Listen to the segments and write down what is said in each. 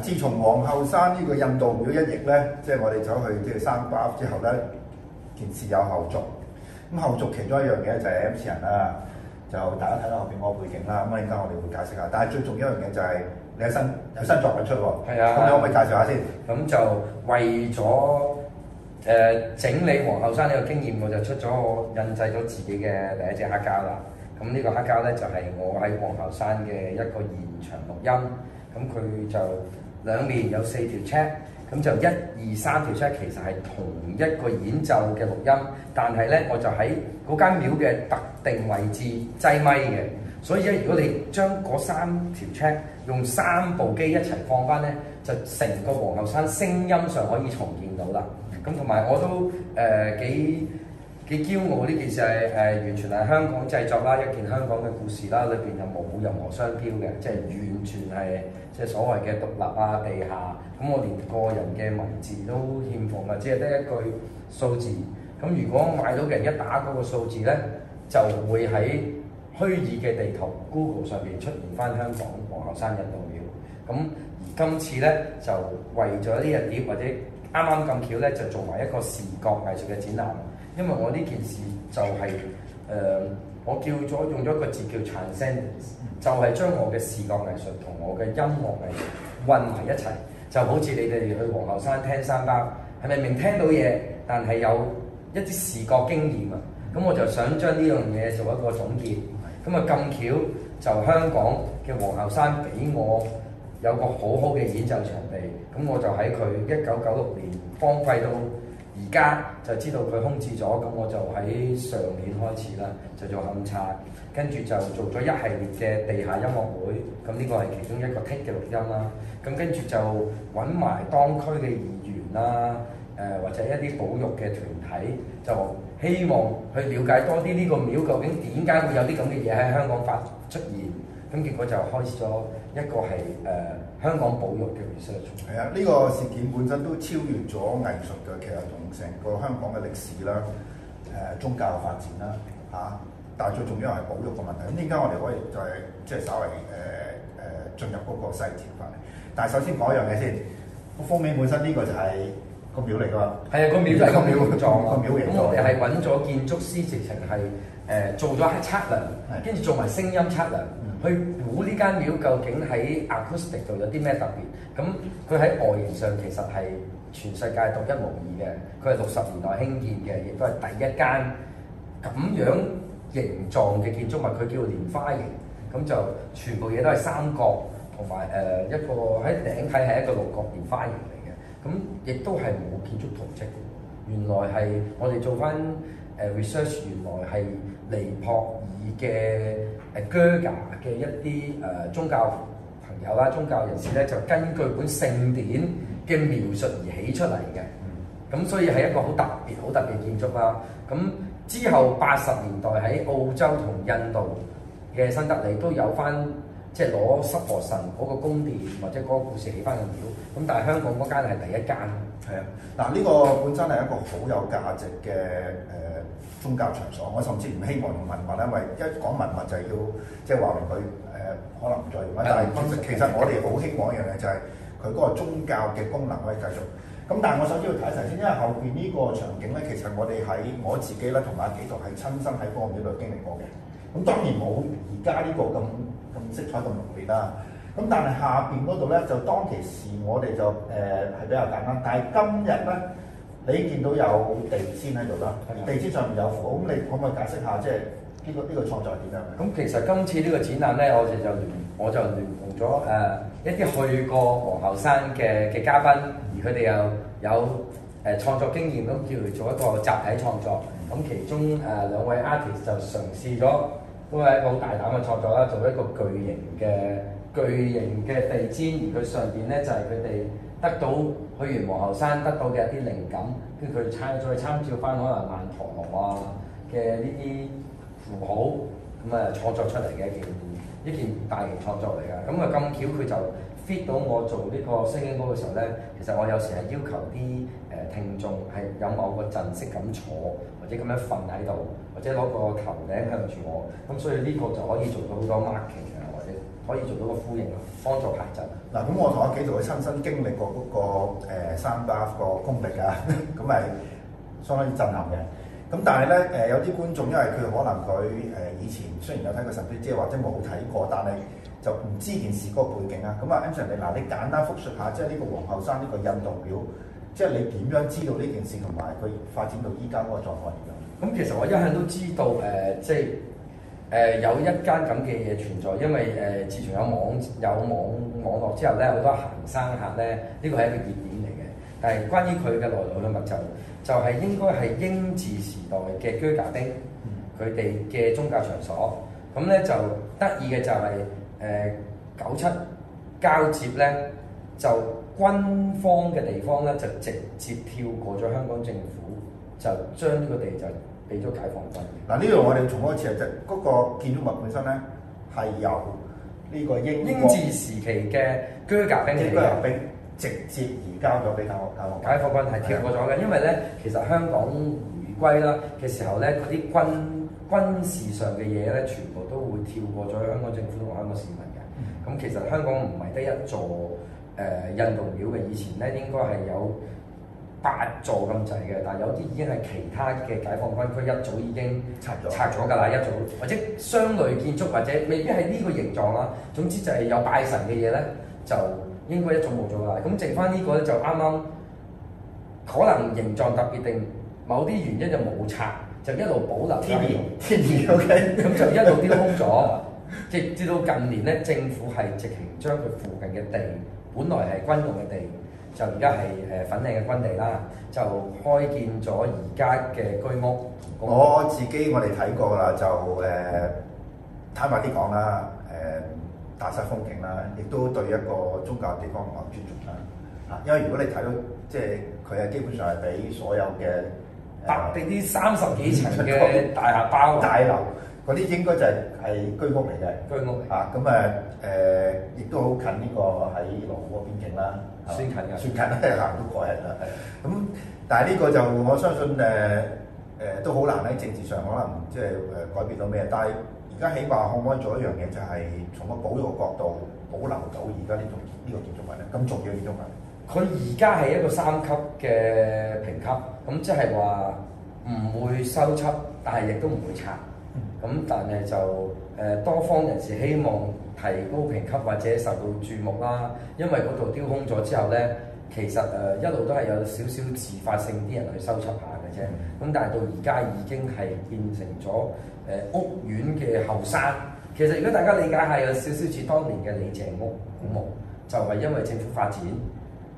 自從皇后山呢個印度廟一役咧，即、就、係、是、我哋走去即係、就是、山巴之後咧，件事有後續。咁後續其中一樣嘢就係 MC 仁啦，就大家睇到後邊嗰個背景啦。咁而家我哋會解釋下，但係最重要一樣嘢就係、是、你有新有新作品出喎，咁、啊、你可唔可以介紹下先？咁就為咗誒、呃、整理皇后山呢個經驗，我就出咗我印製咗自己嘅第一隻黑膠啦。咁呢個黑膠呢，就係、是、我喺黃牛山嘅一個現場錄音，咁佢就兩面有四條 c，咁就一、二、三條 c 其實係同一個演奏嘅錄音，但係呢，我就喺嗰間廟嘅特定位置擠麥嘅，所以咧如果你將嗰三條 c 用三部機一齊放翻呢，就成個黃牛山聲音上可以重建到啦。咁同埋我都誒、呃、幾～.嘅驕傲呢件事係誒完全係香港製作啦，一件香港嘅故事啦，裏邊就冇任何商標嘅，即係完全係即係所謂嘅獨立啊、地下咁，ha, 我連個人嘅文字都欠奉啊，只係得一句數字。咁如果買到嘅人一打嗰個數字咧，就會喺虛擬嘅地圖 Google 上邊出現翻香港皇后山印度廟。咁而今次咧就為咗呢一碟或者啱啱咁巧咧，就做埋一個視覺藝術嘅展覽。因為我呢件事就係、是、誒、呃，我叫咗用咗一個字叫 Transcendence，就係、是、將我嘅視覺藝術同我嘅音樂藝術混埋一齊，就好似你哋去皇后山聽山包，係咪明聽到嘢？但係有一啲視覺經驗啊，咁我就想將呢樣嘢做一個總結。咁啊咁巧就香港嘅皇后山俾我有個好好嘅演奏場地，咁我就喺佢一九九六年荒廢到。而家就知道佢空置咗，咁我就喺上年開始啦，就做勘察，跟住就做咗一系列嘅地下音樂會，咁呢個係其中一個 take 嘅錄音啦。咁跟住就揾埋當區嘅議員啦，誒、呃、或者一啲保育嘅團體，就希望去了解多啲呢個廟究竟點解會有啲咁嘅嘢喺香港發出現。咁結果就開始咗一個係誒、呃、香港保育嘅 research、嗯。係啊，呢個事件本身都超越咗藝術嘅其劇量性，個香港嘅歷史啦，誒、呃、宗教嘅發展啦嚇、啊，但係最重要係保育嘅問題。咁依家我哋可以就係即係稍微誒誒進入嗰個細節範圍。但係首先講一樣嘢先，個封面本身呢個就係個廟嚟㗎嘛。係啊，這個廟就係個廟嘅狀，啊這個廟型狀。咁我哋係揾咗建築師直情係誒做咗係測量，跟住做埋聲音測量。是去估呢間廟究竟喺 acoustic 度有啲咩特別？咁佢喺外形上其實係全世界獨一無二嘅。佢係六十年代興建嘅，亦都係第一間咁樣形狀嘅建築物。佢叫蓮花形，咁就全部嘢都係三角，同埋誒一個喺頂睇係一個六角蓮花形嚟嘅。咁亦都係冇建築圖則。原來係我哋做翻誒 research，原來係尼泊爾嘅。係 g e r g a 嘅一啲誒宗教朋友啦、宗教人士咧，就根據本聖典嘅描述而起出嚟嘅，咁，嗯、所以係一個好特別、好特別建築啦。咁之後八十年代喺澳洲同印度嘅新德里都有翻。即係攞濕婆神嗰個宮殿，或者嗰個故事起翻個廟。咁但係香港嗰間係第一間。係啊，嗱呢個本身係一個好有價值嘅誒、呃、宗教場所。我甚至唔希望用文物，因為一講文物就係要即係話明佢誒、呃、可能唔再用。但係分全實其實我哋好希望一樣嘢，就係佢嗰個宗教嘅功能可以繼續。咁但係我首先要睇一睇先，因為後邊呢個場景咧，其實我哋喺我自己咧同阿紀度係親身喺嗰個廟度經歷過嘅。咁當然冇而家呢個咁。色彩咁濃烈啦，咁但係下邊嗰度咧就當其時我哋就誒係、呃、比較簡單，但係今日咧你見到有地氈喺度啦，的地氈上面有符，咁你可唔可以解釋下即係呢、這個呢、這個創作係點樣啊？咁其實今次呢個展覽咧，我哋就聯我就聯同咗誒一啲去過皇后山嘅嘅嘉賓，而佢哋又有誒、呃、創作經驗，咁叫嚟做一個集體創作，咁其中誒兩、呃、位 artist 就嘗試咗。都係一個好大膽嘅創作啦，做一個巨型嘅巨型嘅地氈，而佢上邊咧就係佢哋得到去完皇后山得到嘅一啲靈感，跟住佢參再參照翻可能曼陀羅啊嘅呢啲符號，咁、嗯、啊創作出嚟嘅一件一件大型創作嚟噶。咁啊咁巧佢就 fit 到我做呢個聲音歌嘅時候咧，其實我有時係要求啲誒、呃、聽眾係有某個陣式咁坐。或者咁樣瞓喺度，或者攞個頭頂向住我，咁所以呢個就可以做到好多 m a r k e t 啊，或者可以做到個呼應，幫助排陣。嗱、啊，咁我同企幾度親身經歷過嗰、那個、呃、三巴個功力啊，咁 咪相當於震撼嘅。咁但係咧誒，有啲觀眾因為佢可能佢誒、呃、以前雖然有睇過神片，即係或者冇睇過，但係就唔知件事嗰個背景啦、啊。咁、嗯、啊，Anthony，嗱，你簡單複述下，即係呢個皇后山呢、這個印度廟。即係你點樣知道呢件事同埋佢發展到依家嗰個狀況？咁其實我一向都知道，誒，即係誒有一間咁嘅嘢存在，因為誒、呃、自從有網有網網絡之後咧，好多行山客咧，呢、這個係一個熱點嚟嘅。但係關於佢嘅內裏咧，就是、就係、是、應該係英治時代嘅啹喀兵佢哋嘅宗教場所。咁咧就得意嘅就係誒九七交接咧就。軍方嘅地方咧，就直接跳過咗香港政府，就將呢個地就俾咗解放軍。嗱，呢度我哋重開始啊，就嗰個建築物本身咧係由呢個英英治時期嘅啹喀兵，啹喀兵直接移交咗俾大陸。解放軍係跳過咗嘅，因為咧其實香港回歸啦嘅時候咧，嗰啲軍軍事上嘅嘢咧，全部都會跳過咗香港政府同香港市民嘅。咁其實香港唔係得一座。誒、呃、印度廟嘅以前咧，應該係有八座咁滯嘅，但係有啲已經係其他嘅解放軍區一早已經拆咗拆咗㗎啦。了一早或者雙類建築或者未必係呢個形狀啦。總之就係有拜神嘅嘢咧，就應該一早冇咗㗎啦。咁剩翻呢個咧就啱啱可能形狀特別定某啲原因就冇拆，就一路保留。天然天然 OK，咁 就一路丟空咗，即係至到近年咧，政府係直情將佢附近嘅地。本來係軍用嘅地，就而家係誒粉嶺嘅軍地啦，就開建咗而家嘅居屋。我自己我哋睇過啦，就誒坦白啲講啦，誒大殺風景啦，亦都對一個宗教地方唔夠尊重啦。啊，因為如果你睇到即係佢係基本上係俾所有嘅白地啲三十幾層嘅大廈包， 大樓。嗰啲應該就係係居屋嚟嘅，居屋嚟吓咁誒誒，亦、啊嗯呃、都好近呢個喺羅湖嘅邊境啦，算近㗎，算近啦，行都過 人啦。咁、嗯、但係呢個就我相信誒誒、呃、都好難喺政治上可能即係誒改變到咩？但係而家起碼可唔可以做一樣嘢，就係從個保育角度保留到而家、這個這個、呢種呢個建築物咧？咁重要建築物，佢而家係一個三級嘅評級，咁即係話唔會修葺，但係亦都唔會拆。嗯咁、嗯、但係就誒多、呃、方人士希望提高評級或者受到注目啦，因為嗰度丟空咗之後咧，其實誒、呃、一路都係有少少自發性啲人去修葺下嘅啫。咁但係到而家已經係變成咗誒、呃、屋苑嘅後山。其實如果大家理解下，有少少似當年嘅李鄭屋古墓，就係、是、因為政府發展，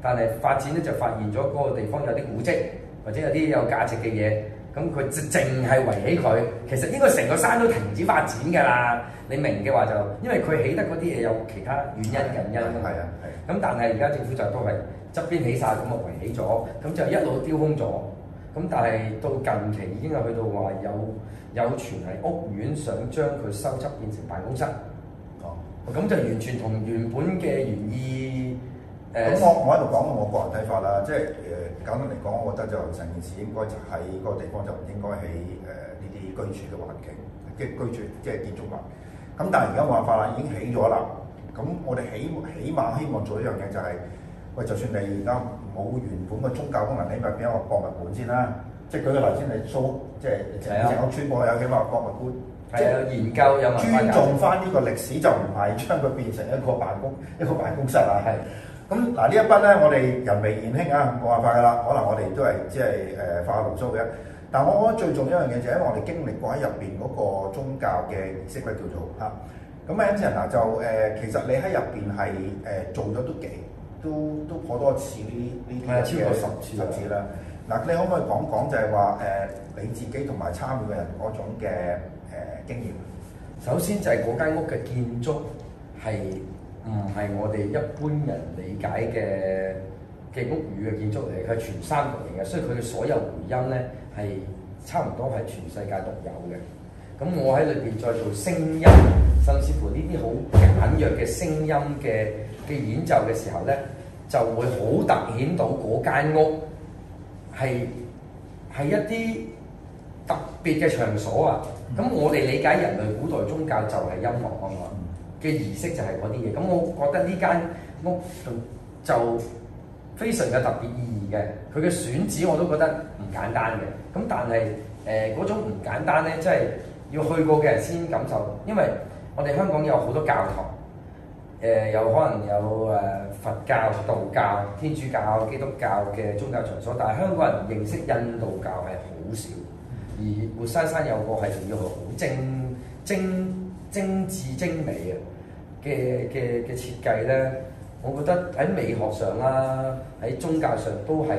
但係發展咧就發現咗嗰個地方有啲古蹟或者有啲有價值嘅嘢。咁佢就淨係圍起佢，其實應該成個山都停止發展㗎啦。你明嘅話就，因為佢起得嗰啲嘢有其他原因嘅。咁但係而家政府就都係側邊起晒，咁啊圍起咗，咁就一路丟空咗。咁但係到近期已經係去到話有有傳係屋苑想將佢收葺變成辦公室。哦，咁就完全同原本嘅原意。咁、嗯、我我喺度講我個人睇法啦，即係誒簡單嚟講，我覺得就成件事應該就喺個地方就唔應該起誒呢啲居住嘅環境，即係居住即係建築物。咁但係而家冇辦法啦，已經起咗啦。咁我哋起起碼希望做一樣嘢就係、是、喂，就算你而家冇原本嘅宗教功能，你起碼俾我個博物館先啦。即係舉個例先，你租即係淨有穿過有起碼博物館，即係、嗯、是研究有尊重翻呢個歷史，就唔係將佢變成一個辦公一個辦公室啦，係。咁嗱，呢一筆咧，我哋人微言輕啊，冇辦法噶啦，可能我哋都係即係誒化下胡鬚嘅。但係我覺得最重要一樣嘢就係因為我哋經歷過喺入邊嗰個宗教嘅儀式，咧，叫做嚇。咁啊，嗱就誒，其實你喺入邊係誒做咗都幾都都頗多次呢呢啲超過十次啦。嗱，你可唔可以講講就係話誒你自己同埋參與嘅人嗰種嘅誒經驗？首先就係嗰間屋嘅建築係。唔係我哋一般人理解嘅嘅屋宇嘅建築嚟，佢係全三谷嚟嘅，所以佢嘅所有回音咧係差唔多係全世界獨有嘅。咁我喺裏邊再做聲音，甚至乎呢啲好簡約嘅聲音嘅嘅演奏嘅時候咧，就會好突顯到嗰間屋係係一啲特別嘅場所啊！咁我哋理解人類古代宗教就係音樂啊嘛～是嘅儀式就係嗰啲嘢，咁我覺得呢間屋就非常有特別意義嘅。佢嘅選址我都覺得唔簡單嘅。咁但係誒嗰種唔簡單咧，即係要去過嘅人先感受，因為我哋香港有好多教堂，誒、呃、有可能有誒佛教、道教、天主教、基督教嘅宗教場所，但係香港人認識印度教係好少，而活生生有個係仲要好精精精緻精美嘅。嘅嘅嘅設計咧，我覺得喺美學上啦，喺宗教上都係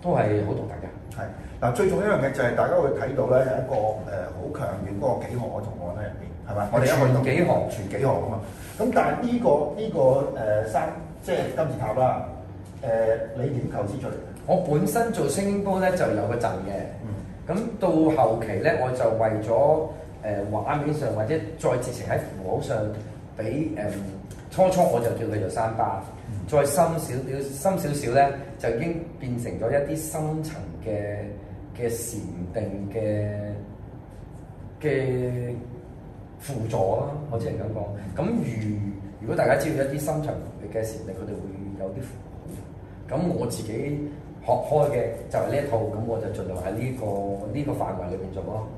都係好獨特嘅。係，嗱最重要一樣嘢就係大家會睇到咧，有一個誒好、呃、強烈嗰個幾何嘅圖案咧入邊，係嘛？我哋有去到幾何，全幾何啊嘛。咁但係、這、呢個呢、這個誒三、呃，即係金字塔啦。誒你點構思出嚟？我本身做聲波咧就有個陣嘅。嗯。咁到後期咧，我就為咗誒、呃、畫面上或者再直情喺符號上。俾誒、嗯，初初我就叫佢做山巴，嗯、再深少少，深少少咧，就已經變成咗一啲深層嘅嘅禪定嘅嘅輔助啦、啊。我只係咁講。咁、嗯、如如果大家知道一啲深層嘅嘅禪定，佢哋會有啲咁。我自己學開嘅就係呢一套，咁我就盡量喺呢、這個呢、這個範圍裏邊做咯。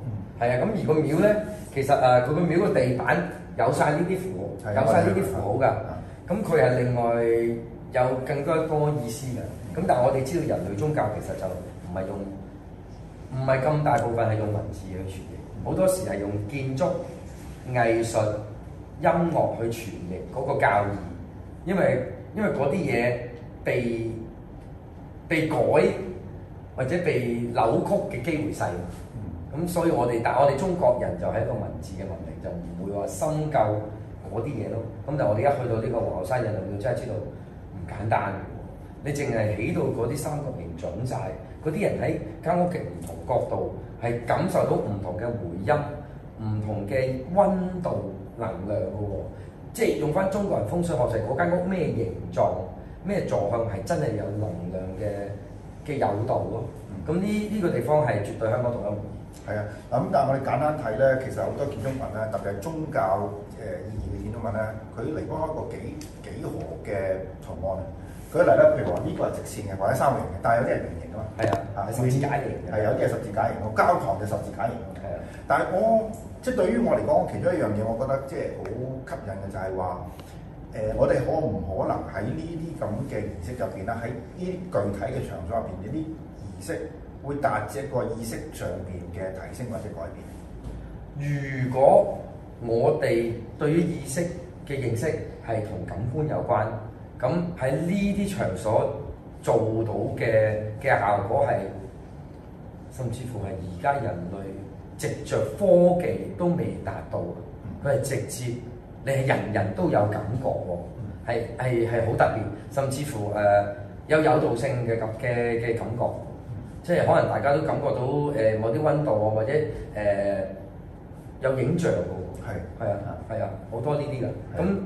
係啊，咁、嗯啊、而個廟咧，其實誒，佢、啊這個廟個地板。有晒呢啲符號，的有晒呢啲符號㗎。咁佢係另外有更加多意思㗎。咁但係我哋知道人類宗教其實就唔係用，唔係咁大部分係用文字去傳譯。好多時係用建築、藝術、音樂去傳譯嗰個教義，因為因為嗰啲嘢被被改或者被扭曲嘅機會細。咁、嗯、所以我，我哋但係我哋中國人就係一個文字嘅文明，就唔會話深究嗰啲嘢咯。咁、嗯、但係我哋一去到呢個皇后山人，就就要真係知道唔簡單、哦、你淨係起到嗰啲三角形準、就是，準晒嗰啲人喺間屋嘅唔同角度係感受到唔同嘅回音、唔同嘅溫度能量嘅喎、哦，即係用翻中國人風水學就係嗰間屋咩形狀咩坐向係真係有能量嘅嘅誘導咯。咁呢呢個地方係絕對香港同樣。一係啊，咁但係我哋簡單睇咧，其實好多建築物咧，特別係宗教誒意義嘅建築物咧，佢離不開一個幾幾何嘅圖案。舉例咧，譬如話呢個係直線嘅，或者三角形嘅，但係有啲係圓形㗎嘛。係啊的，係的十字架形嘅，係有啲係十字架形，的我教堂嘅十字架形。係啊，但係我即係對於我嚟講，其中一樣嘢，我覺得即係好吸引嘅就係、是、話，誒、呃、我哋可唔可能喺呢啲咁嘅儀式入邊啦，喺呢啲具體嘅場所入邊，呢啲儀式。會達至一個意識上邊嘅提升或者改變。如果我哋對於意識嘅認識係同感官有關，咁喺呢啲場所做到嘅嘅效果係，甚至乎係而家人類藉著科技都未達到，佢係、嗯、直接，你係人人都有感覺喎，係係好特別，甚至乎誒、呃、有有道性嘅嘅嘅感覺。即係可能大家都感覺到誒，某啲溫度啊，或者誒、呃、有影像㗎喎，係啊是，係啊，好多呢啲㗎。咁的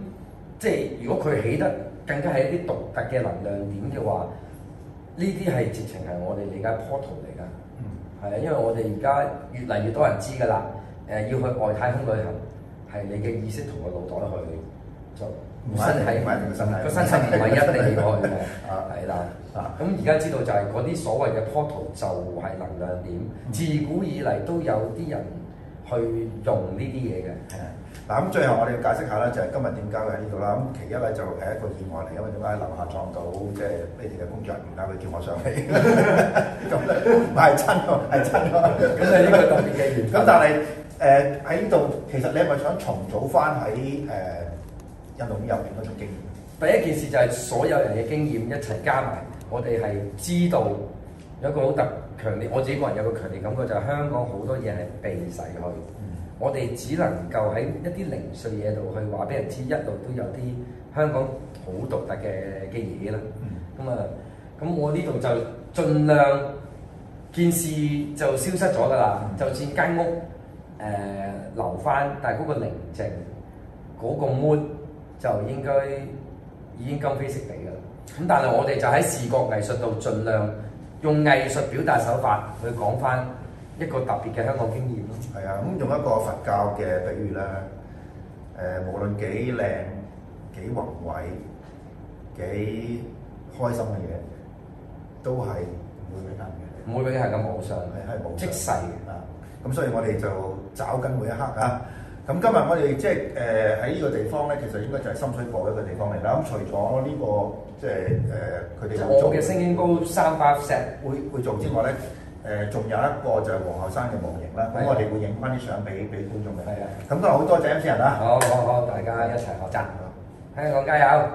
即係如果佢起得更加係一啲獨特嘅能量點嘅話，呢啲係直情係我哋理解 portal 嚟㗎，係啊、嗯，因為我哋而家越嚟越多人知㗎啦。誒、呃，要去外太空旅行係你嘅意識同個腦袋去做。身體唔係，個身身體唔係一定要以嘅。啊，係啦，啊，咁而家知道就係嗰啲所謂嘅 portal 就係能量點。自古以嚟都有啲人去用呢啲嘢嘅。係。嗱咁最後我哋要解釋下啦，就係、是、今日點解嘅喺呢度啦。咁其一咧就係一個意外嚟，因為點解樓下撞到即係你哋嘅工作人員啊？佢叫我上嚟，咁唔係真㗎，係真㗎。咁你呢個特別嘅原因？咁、嗯、但係誒喺呢度，其實你係咪想重組翻喺誒？呃一路有幾多種經驗？第一件事就係所有人嘅經驗一齊加埋，我哋係知道有一個好特強烈。我自己個人有個強烈感覺就係香港好多嘢係被洗去，嗯、我哋只能夠喺一啲零碎嘢度去話俾人知，一路都有啲香港好獨特嘅嘅嘢啦。咁啊、嗯，咁我呢度就盡量件事就消失咗㗎啦，嗯、就算間屋誒、呃、留翻，但係嗰個寧靜嗰、嗰個悶，就應該已經今非昔比㗎啦，咁但係我哋就喺視覺藝術度盡量用藝術表達手法去講返一個特別嘅香港經驗咯。係啊，咁用一個佛教嘅比喻啦，誒，無論幾靚幾宏偉幾開心嘅嘢，都係唔會永恆嘅。唔會永恆係咁無常，係係無即逝嘅啊！咁所以我哋就抓緊每一刻啊！咁今日我哋即係誒喺呢個地方咧，其實應該就係深水埗一個地方嚟啦。咁除咗呢、這個即係誒佢哋會做嘅，升高三塊石會會做之外咧，誒、呃、仲有一個就係皇后山嘅模型啦。咁的我哋會影翻啲相俾俾觀眾嘅。係啊的。咁都係好多謝 mc 仁啦。好好好，大家一齊學習啊！香港加油！